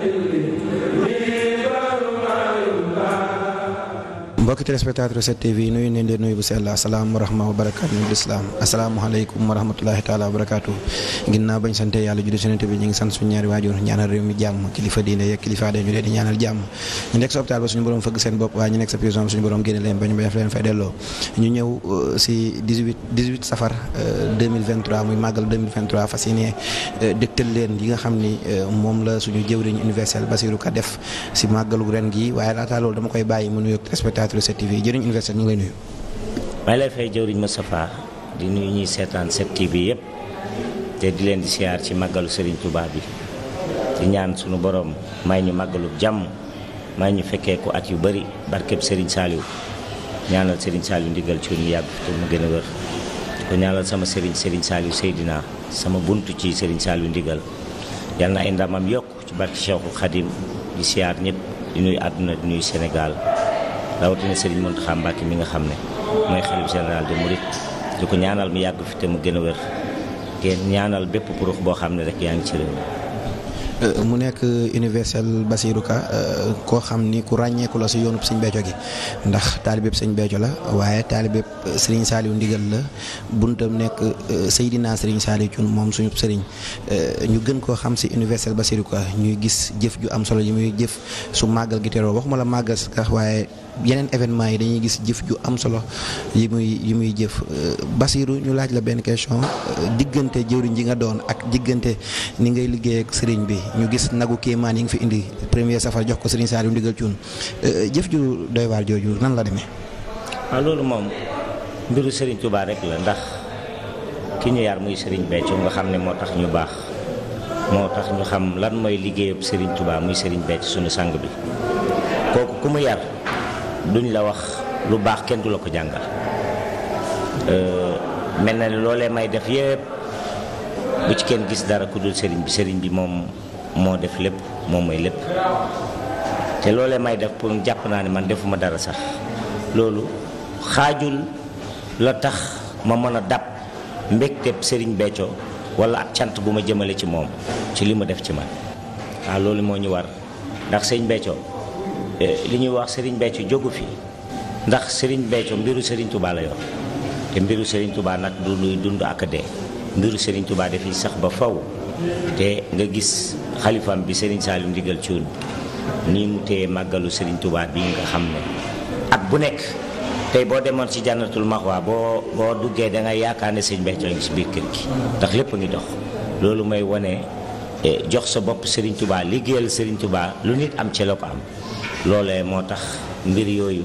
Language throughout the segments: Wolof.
Thank you. mbokki téléspectateur 7TV yi nuyu nañ leen nuyu bu sell asalaam wa rahma wa barakaatu ñu lislaam asalaamaaleykum wa rahmatulahi taala wa barakaatu ginnaaw bañ sante yàlla juddu sonante bi ñu ngi sant suñu ñaari waajur ñaanal réew mi jàmm kilifa diine yeeg kilifa aada ñu leen ñaanal jàmm ñu nekk sa hôpital ba suñu borom fëgg seen bopp waaye ñu nekk sa suñu borom génne leen ba bañ leen fay ñu ñëw si 18 18 safar euh, muy màggal 2023 fas yéene euh, dëgtal internetu 7 jëriñ Université ñu ngi lay nuyu. may lay fay jëwriñ Moustapha di nuyu seetaan 7TV yëpp te di leen di siyaar ci màggalu sëriñ tubaab bi di ñaan sunu boroom may ñu màggalu jàmm may ñu fekkee ko at yu bari barkeb Serigne Saliou ñaanal Serigne Saliou ndigal ci ñu yàgg te mu gën a wér ko ñaanal sama Serigne Serigne Saliou Seydina sama bunt ci Serigne Saliou ndigal yal na ay ndamam yokk ci barke Cheikhul Khadim di siyaar ñëpp di nuyu àdduna di nuy senegaal rawatina Serigne Mountakha Mbacké mi nga xam ne mooy xalif général de Mouride di ko ñaanal mu yàgg fi te mu gën a wér ngeen ñaanal bépp purux boo xam ne rek yaa ngi ci réew Euh, mu nekk universel Basirou Ka euh, koo xam ni ku ràññeeku la si yoonub sëñ Béthio gi ndax taalibeb sëñ Béthio la waaye taalibeb Serigne Saliou ndigal la buntam nekk euh, Seydina Serigne Saliou Thioune moom suñu Serigne ñu gën koo xam si universel Basirou Ka ñuy gis jëf ju am solo yi muy jëf su màggal gi teroo waxuma la màggal sax waaye yeneen événement yi dañuy gis jëf ju am solo yi muy yi muy jëf Basirou ñu laaj la benn question diggante jëwriñ ji nga doon ak diggante ni ngay liggéey ak bi ñu gis nagu kéemaan yi nga fi indi premier safar jox ko Serigne Saliou ndigal cuun euh, jëf ju doy waar jooju nan la demee. waaw ah, loolu moom mbiru sëriñ tubaa rek la ndax ki ñu yar muy Serigne Béthio nga xam ne moo tax ñu baax moo tax ñu xam lan mooy liggéeyub Serigne Touba muy Serigne Béthio suñu sang bi kooku ku mu yar duñ la wax lu baax kenn du la ko jàngal euh, mel na ne loolee may def yépp bu ci kenn gis dara ku dul sëriñ bi sëriñ bi moom moo def lépp moom mooy lépp te loolee may def pour jàpp naa ne man defuma dara sax loolu xaajul la tax ma mën a dab mbégteb Serigne Béthio wala ak cant bu ma jëmale ci moom ci li ma def ci man waa ah, loolu moo ñu war ndax Serigne Béthio eh, li ñuy wax Serigne Béthio jógu fi ndax Serigne Béthio mbiru Serigne Touba la yor te mbiru Serigne Touba nag du luy dund ak dee mbiru Serigne Touba dafiy sax ba faw te nga gis xalifam bi Serigne Saliou Ndigal Thioune nii mu téye màggalu Serigne Touba bi nga xam ne at bu nekk tey boo demoon ci jànnatul maxwa boo boo duggee dangay yaakaar ne sëñ Béthio ngi ci biir kër gi ndax lépp a ngi dox loolu mooy wone eh, jox sa bopp Serigne Touba liggéeyal sëriñ Touba lu nit am ci la ko am loolee moo tax mbir yooyu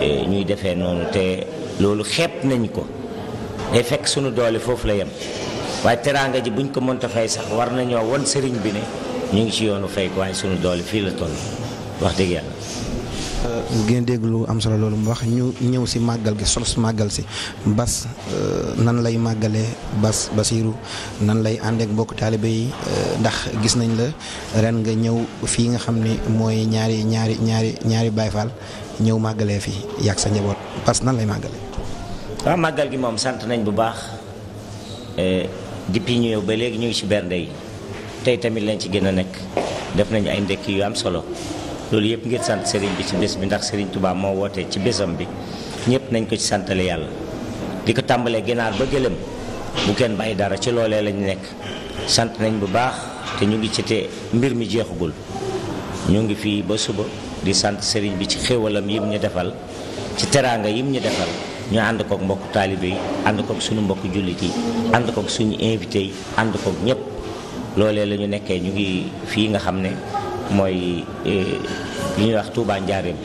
eh, ñuy defe noonu te loolu xeeb nañ ko te fekk sunu doole foofu la yem waaye teraanga ji bu buñ ko mënta fay sax war nañoo wan sëriñ bi ne ñu ngi ci yoonu fay ko waaye sunu doole fii la toll wax dëgg yàlla. Euh, ngeen dégg lu am solo loolu mu wax ñu ñëw si màggal gi solos màggal si bas euh, nan lay màggalee bas basiiru nan lay àndeek mbokk taalibe yi euh, ndax gis nañ la ren nga ñëw fii nga xam ne mooy ñaari ñaari ñaari ñaari Baay Faal ñëw màggalee fii yàgg sa njaboot bas nan lay màggalee. waaw màggal gi moom sant nañ bu baax. depuis ñu ñëw ba léegi ñu ngi ci bernde yi tey tamit lañ ci gën a nekk def nañu ay ndekki yu am solo loolu yëpp ngir sant Serigne bi ci bés bi ndax Serigne tubaab moo woote ci bésam bi ñëpp nañ ko ci santale yàlla di ko tàmbalee ginaar ba gëlëm bu kenn bàyyi dara ci loolee lañu nekk sant nañ bu baax te ñu ngi ci te mbir mi jeexagul ñu ngi fii ba suba di sant Serigne bi ci xéwalam yim ñu defal ci teraanga yim ñu defal ñu ànd kook mbokk taalibe yi ànd kook suñu mbokk jullit yi ànd kook suñu invité yi ànd kook ñëpp loolee la ñu nekkee ñu ngi fii nga xam ne mooy eh, li ñuy wax Touba Njaareem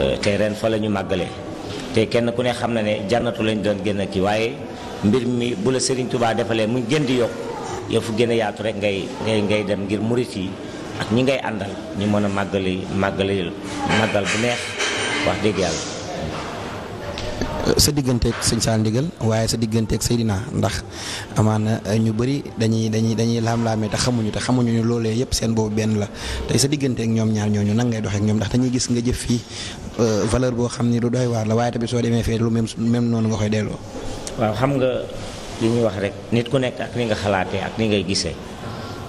eh, te ren fa la ñu màggalee te kenn ku ne xam na ne jannatu lañ doon gën a kii waaye mbir mi bu la Serigne Touba defalee mu gën di yokk yow fu gën a yaatu rek ngay ngay ngay dem ngir murit yi ak ñi ngay àndal ñu mën a màggali màggali màggal bu neex wax dëgg yàlla. sa digganteeg sëñ Saal ndigal waaye sa digganteeg Seydina ndax amaana eh, ñu bari dañuy dañuy dañuy laam-laamee te xamuñu te xamuñu ne loolee yëpp seen boobu benn la te sa digganteeg ñoom ñaar ñooñu nan ngay doxeek ñoom ndax dañuy gis nga jëf fii eh, valeur boo xam ni lu doy waar la waaye tamit soo demee fee lu même même noonu nga koy delloo. waaw xam nga li ñuy wax rek nit ku nekk ak ni nga xalaatee ak ni ngay gisee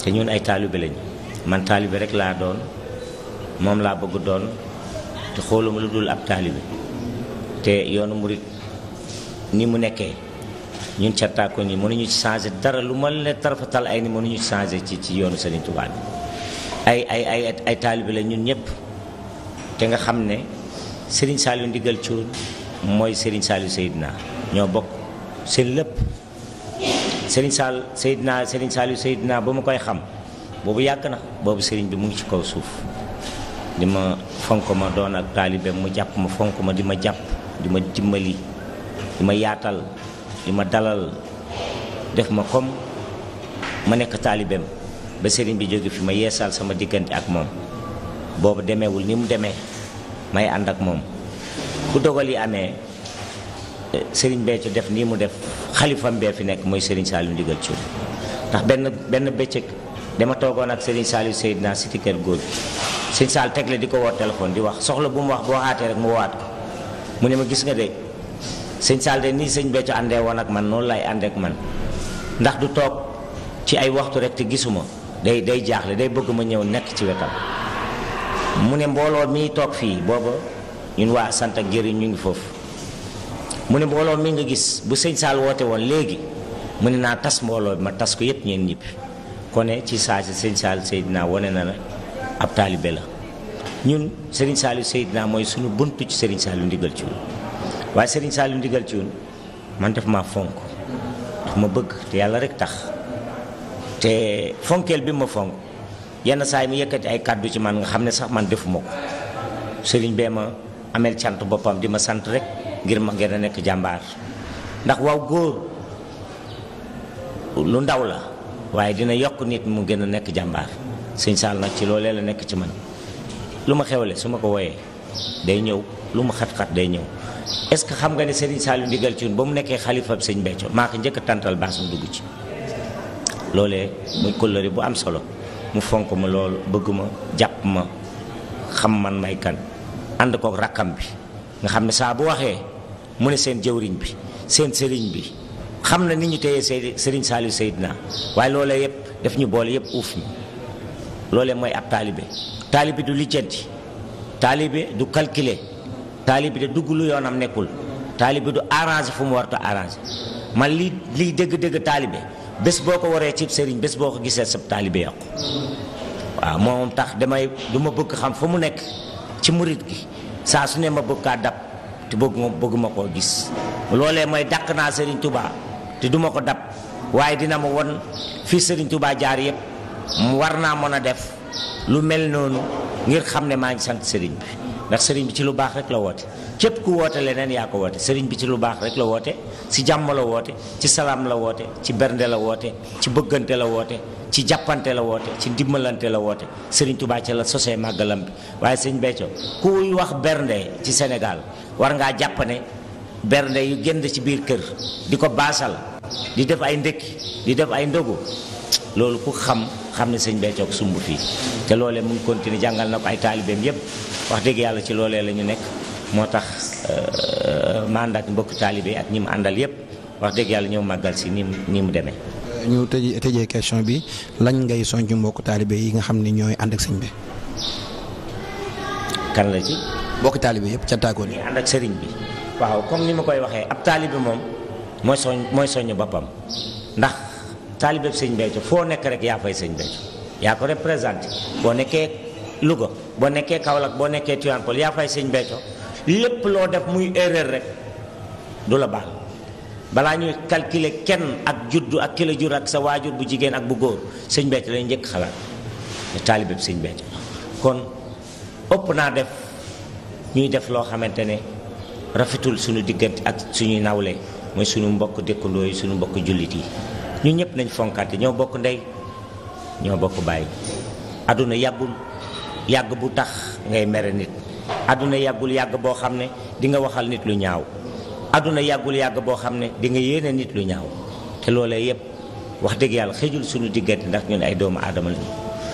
te ñun ay taalibe lañ man taalibe rek laa doon moom laa bëgg doon te xooluma lu dul ab taalibe te yoonu murit ni mu nekkee ñun cattaako ni mënuñu ci changé dara lu ma ne tarafatal ay ni mënuñu changé ci ci yoonu Serigne Touba bi ay ay ay ay la ñun ñëpp te nga xam ne Serigne Saliou ndigal cuun mooy Serigne Saliou Seydina ñoo bokk seen lépp Serigne Sall Seydina Serigne Saliou naa ba ma koy xam boobu yàgg na boobu Serigne bi mu ngi ci kaw suuf di ma fonk ma doon ak taalibe mu jàpp ma fonk ma di ma jàpp di ma dimbali di ma yaatal di ma dalal def ma kom ma nekk taalibeem ba sëriñ bi jóge fi ma yeesal sama diggante ak moom boobu demeewul ni mu demee may ànd ak moom bu dogal yi amee sëriñ Béthio def nii mu def xalifam bee fi nekk mooy sëriñ Saliou Ndigal ci ndax benn benn bëccëg dama toogoon ak sëriñ Saliou Seydina Cité góor Gorgui sëriñ Sall tegle di ko woo téléphone di wax soxla bu mu wax boo xaatee rek mu waat ko mu ne ma gis nga de sëñ Saal de nii sëñ Béthio àndee woon ak man noonu laay àndee ak man ndax du toog ci ay waxtu rek te gisuma day day jaaxle day bëgg ma ñëw nekk ci wetam mu ne mbooloo mii toog fii booba ñun waa sant ak jëriñ ñu ngi foofu mu ne mbooloo mi nga gis bu sëñ Saal woote woon léegi mu ne naa tas mbooloo bi ma tas ko yépp ñeen ñibbi kone ci saa si sëñ Saal Seydina wane na la ab taalibe la ñun Serigne Saliou Seydina mooy suñu bunt ci Serigne Saliou Ndigal Thioune waaye Serigne Saliou Ndigal Thioune man daf maa fonk daf ma bëgg te yàlla rek tax te fonkeel bi ma fonk yenn saay yi mu yëkkati ay kàddu ci man nga xam ne sax man defuma ko Serigne bee ma ameel cant boppam di ma sant rek ngir ma ngeen a nekk jàmbaar ndax waaw góor lu ndaw la waaye dina yokk nit mu gën a nekk jàmbaar sëñ Saal nag ci loolee la nekk ci man. lu ma xewle su ma ko woyee day ñëw lu ma xat-xat day ñëw est-ce que xam nga ne Serigne Saliou Ndigal Thioune ba mu nekkee xalifab sëñ Béthio maa ko njëkk a tàntal baas mu dugg ci loolee muy kóllëre bu am solo mu fonk ma loolu bëgg ma jàpp ma xam man may kan ànd kook rakkam bi nga xam ne saa bu waxee mu ne seen jëwriñ bi seen sëriñ bi xam na ni ñu téye Serigne Saliou Seydina waaye loolee yëpp daf ñu boole yëpp uuf ñu loolee mooy ab taalibe taalibe du lijjanti taalibe du calculer taalibe du dugg lu yoonam nekkul taalibe du arange fu mu warta arranger man li lii dëgg-dëgg taalibe bés boo ko waree cib sëriñ bés boo ko gisee sab taalibe yàqu waaw moom tax damay du ma bëgg xam fu mu nekk ci murit gi saa su ne ma bëgg kaa dab te bëgg ma bëgg ma koo gis loolee mooy dàq naa sëriñ Touba te duma ko dab waaye dina ma won fii sëriñ Touba jaar yëpp war naa mën a def lu mel noonu ngir xam ne maa ngi sant sëriñ bi ndax sëriñ bi ci lu baax rek la woote képp ku woote leneen yaa ko woote sëriñ bi ci lu baax rek la woote ci jàmm la woote ci salaam la ci bernde la woote ci bëggante la woote ci jàppante la woote ci ndimbalante la woote sëriñ Tuubaa ci la sosee màggalam bi waaye sëñ Béthio kuy wax bernde ci senegal war ngaa jàpp ne bernde yu génn ci biir kër di ko baasal di def ay ndékki di def ay ndogu loolu ku xam xam ne sëñ Béthio sumb fii te loolee mu ngi continuer jàngal na ko ay taalibeem yépp wax dëgg yàlla ci loolee la ñu nekk moo tax euh, ma ànd ak mbokk taalibe ak ñi mu àndal yépp wax dëgg yàlla ñëw màggal si ni mu ni mu demee. ñu tëjee tëjee question bi lañ ngay soññ mbokk taalibe yi nga xam ne ñooy ànd ak sëñ bi. kan la ci. mbokk taalibe yépp ca tàggoo ni ànd ak sëriñ bi. waaw comme ni ma koy waxee ab taalibe moom mooy soñ mooy soññ boppam taalibeeb sëñ Béthio foo nekk rek yaa fay sëñ Béthio yaa ko représenté boo nekkee Louga boo nekkee Kaolack boo nekkee Tivaouane Peulh yaa fay sëñ Béthio lépp loo def muy erreur rek du la baal balaa ñuy calculer kenn ak juddu ak kilo jur ak sa waajur bu jigéen ak bu góor sëñ Béthio lañ njëkk xalaat ne taalibeeb sëñ Béthio kon ëpp naa def ñuy def loo xamante ne rafetul suñu diggante ak suñuy nawle mooy suñu mbokk dëkkandoo yi suñu mbokk jullit yi ñu ñëpp nañ fonkante ñoo bokk ndey ñoo bokk bàyyi àdduna yàggul yàgg bu tax ngay mere nit àdduna yàggul yàgg boo xam ne di nga waxal nit lu ñaaw àdduna yàggul yàgg boo xam ne di nga yéene nit lu ñaaw te loolee yëpp wax dëgg yàlla xëjul suñu diggante ndax ne ay doomu aadama lañu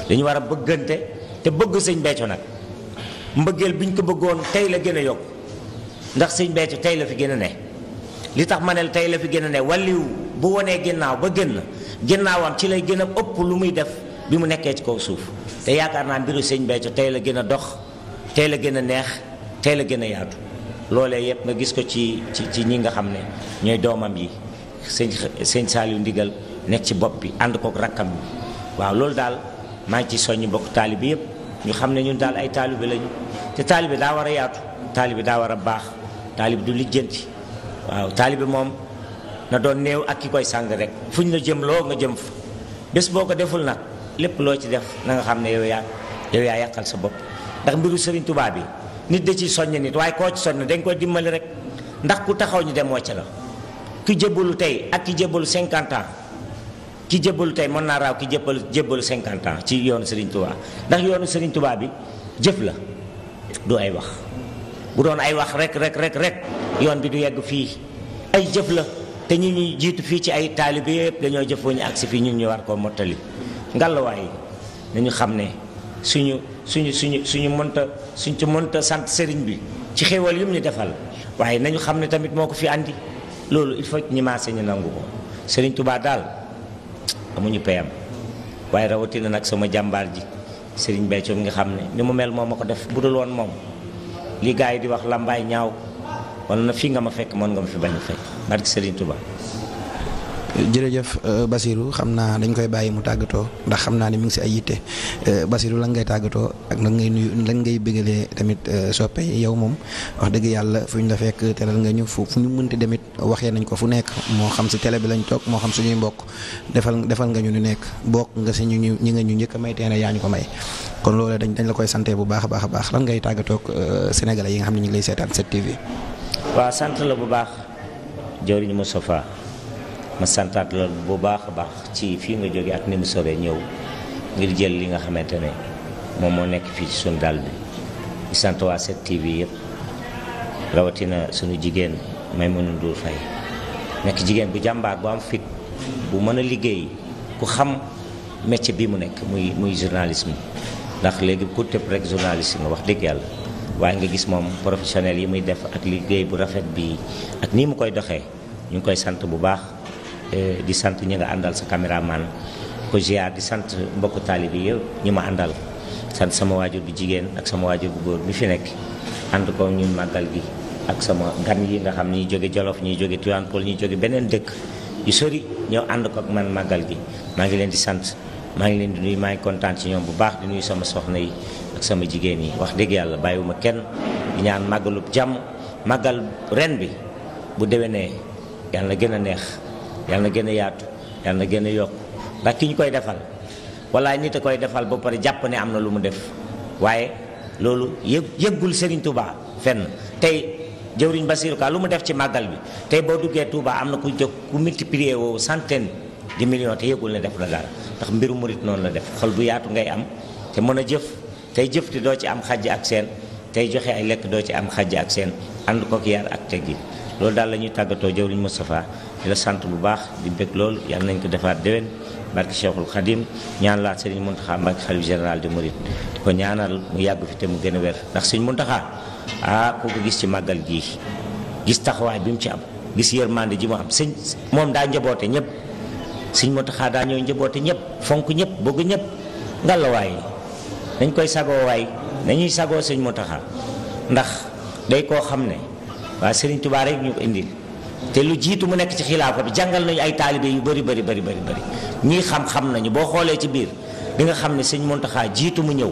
dañu war a bëggante te bëgg sëñ Béthio nag mbëggeel biñ ko bëggoon tey la gën a yokk ndax sëñ Béthio tey la fi gën a ne li tax ma tey la fi gën a ne wàlliwu bu wonee ginnaaw ba génn ginnaawam ci lay gën a ëpp lu muy def bi mu nekkee ci kaw suuf te yaakaar naa mbiru sëñ Béthio tey la gën a dox tey la gën a neex tey la gën a yaatu loolee yëpp nga gis ko ci ci ci ñi nga xam ne ñooy doomam yi sëñ saal yu Ndigal nekk ci bopp bi ànd kook rakkam bi waaw loolu daal maa ngi ci soññi bokk taalibe yëpp ñu xam ne ñun daal ay taalibe lañu te taalibe daa war a yaatu taalibe daa war a baax taalibe du lijjanti waaw taalibe na doon néew ak ki koy sang rek fu ñu la jëm loo nga jëm fa bés boo ko deful nag lépp loo ci def na xam ne yow yaa yow yaa yàqal sa bopp ndax mbiru sëriñ Touba bi nit de ciy soññ nit waaye koo ci soññ dañ koy dimbali rek ndax ku taxaw ñu dem wàcc la ki jébbalu tey ak ki jébbalu 50 ans ki jébbalu tey mën naa raaw ki jébbalu jébbalu 50 ans ci yoonu sëriñ Touba ndax yoonu sëriñ Touba bi jëf la du ay wax bu doon ay wax rek rek rek rek yoon bi du yegg fii ay jëf la. te ñi ñuy jiitu fii ci ay taalibe yëpp dañoo jëfoo ñu agsi fii ñun ñu war koo mottali ngallaawaay nañu xam ne suñu suñu suñu suñu mënta suñ ci mënta sant sëriñ bi ci xéewal yim ñu defal waaye nañu xam ne tamit moo ko fi indi loolu il faut ñi maase ñu nangu ko sëriñ tubaa daal amuñu payam waaye rawatina nag sama jàmbaar ji sëriñ Béthio nga xam ne ni mu mel moom ma ko def bu dul woon moom li gars yi di wax làmbaay ñaaw wala na fii nga ma fekk moon nga fi bañ barke Serigne Touba. jërëjëf euh, Basirou xam naa dañ koy bàyyi mu tàggatoo ndax xam naa ne mu ngi si ay yitte euh, Basirou lan ngay tàggatoo ak lan ngay nuyu lan ngay bëggalee tamit euh, soppe yow moom wax dëgg yàlla fu ñu la fekk teral nga ñu fu ñu mënti demit waxee nañ ko fu nekk moo xam si télé bi lañ toog moo xam suñuy mbokk defal defal nga ñu nu nekk bokk nga si ñu ñu ñi nga ñu njëkk may teene yaa ñu ko may kon loolee dañ dañ la koy sante bu baax a baax a baax lan ngay tàggatoo yi nga xam ne ñu ngi lay seetaan 7 jawriñ Moustapha ma santaat la bu baax a baax ci fii nga jóge ak ni mu sore ñëw ngir jël li nga xamante ne moom moo nekk fii ci suñu dal bi di sant waa 7TV yëpp rawatina suñu jigéen Maimouna Ndour Faye nekk jigéen bu jàmbaar bu am fit bu mën a liggéey ku xam métier bi mu nekk muy muy journalisme ndax léegi ku tëb rek yi nga wax dëgg yàlla waaye nga gis moom professionnel yi muy def ak liggéey bu rafet bii ak nii mu koy doxee ñu ngi koy sant bu baax eh, di sant ñi nga àndal sa caméraman ko ziar di sant mbokku taalibe yi yëpp ñu ma àndal sant sama waajur bu jigéen ak sama waajur bu góor bi fi nekk ànd ko ñun màggal gi ak sama gan yi nga xam ñi jóge Jolof ñuy jóge Tivaouane Peulh ñi jóge beneen dëkk yu sori ñëw ànd ko ak man màggal gi maa ngi leen di sant maa ngi leen di nuy maa ngi kontaan ci ñoom bu baax di nuyu soxna yi ak sama jigéen yi wax dëgg yàlla bàyyiwuma kenn ñaan màggalub jàmm màggal ren bi bu déwénee yàlla na gën a neex yàlla na gën a yaatu yàlla na gën a yokk ndax ki ñu koy defal walaay nit a koy defal ba pare jàpp ne am na lu mu def waaye loolu yëg yëggul sëriñ Touba fenn tey jëwriñ Bassirou Ka lu mu def ci màggal bi tey boo duggee Touba am na ku jóg ku multiplier woo santen de millions te yëgul ne def na dara ndax mbiru murit noonu la def xol bu yaatu ngay am tey jëfti doo ci am xaj ak seen tey joxe ay lekk doo ci am xàjj ak seen ànd kook yar ak teggin loolu daal la ñuy tàggatoo jëwriñ Moustapha di la sant bu baax di bëgg lool yàlla nañ ko defaat déwén barki Cheikhul Khadim ñaan laa Serigne Mountakha Mbacké xalif général de Mouride di ko ñaanal mu yàgg fi te mu gën a wér ndax Serigne Mountakha ah kooku gis ci màggal gii gis taxawaay bi mu ci am gis yërmande ji mu am sëñ moom daa njaboote ñëpp Serigne Mountakha daa ñëw njaboote ñëpp fonk ñëpp bëgg ñëpp ngalawaay dañ koy sago waay dañuy sagoo sëñ Mountakha ndax day koo xam ne waa sëriñ Tuubaa rek ñu ko indil te lu jiitu mu nekk ci xilaafa bi jàngal nañu ay taalibe yu bari bari bari bari bari ñii xam-xam nañu boo xoolee ci biir bi nga xam ne sëñ Mountakha jiitu mu ñëw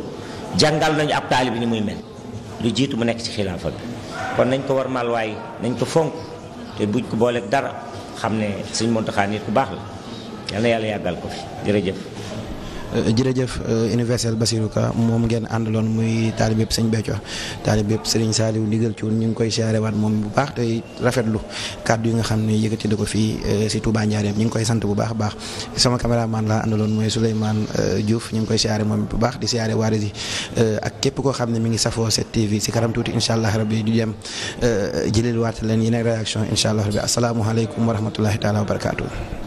jàngal nañu ab taalibe ni muy mel lu jiitu mu nekk ci xilaafa bi kon nañ ko war mal waaye nañ ko fonk te buñ ko booleek dara xam ne sëñ Mountakha nit ku baax la yal na yàggal ko fi jërëjëf Euh, jërëjëf euh, universel Basirou Ka moom ngeen àndaloon muy taalib yëpp sëñ Béthio taalib yëpp sëriñ Saliou ndigal ci woon ñu ngi koy siyaare waat moom bu baax te tey rafetlu kàddu yi nga xam ne yëkkati na ko fii euh, si Touba Ndiarème ñu ngi koy sant bu baax baax sama caméraman laa àndaloon mooy Souleymane Diouf ñu ngi koy siyaare moom bu baax di siyaare waar yi ak képp koo xam ne mi ngi safoo 7TV si kanam tuuti incha allah rabbi di dem jëlil waat leen yeneen réaction incha allah rabbi asalaamualeykum wa rahmatullahi taala wa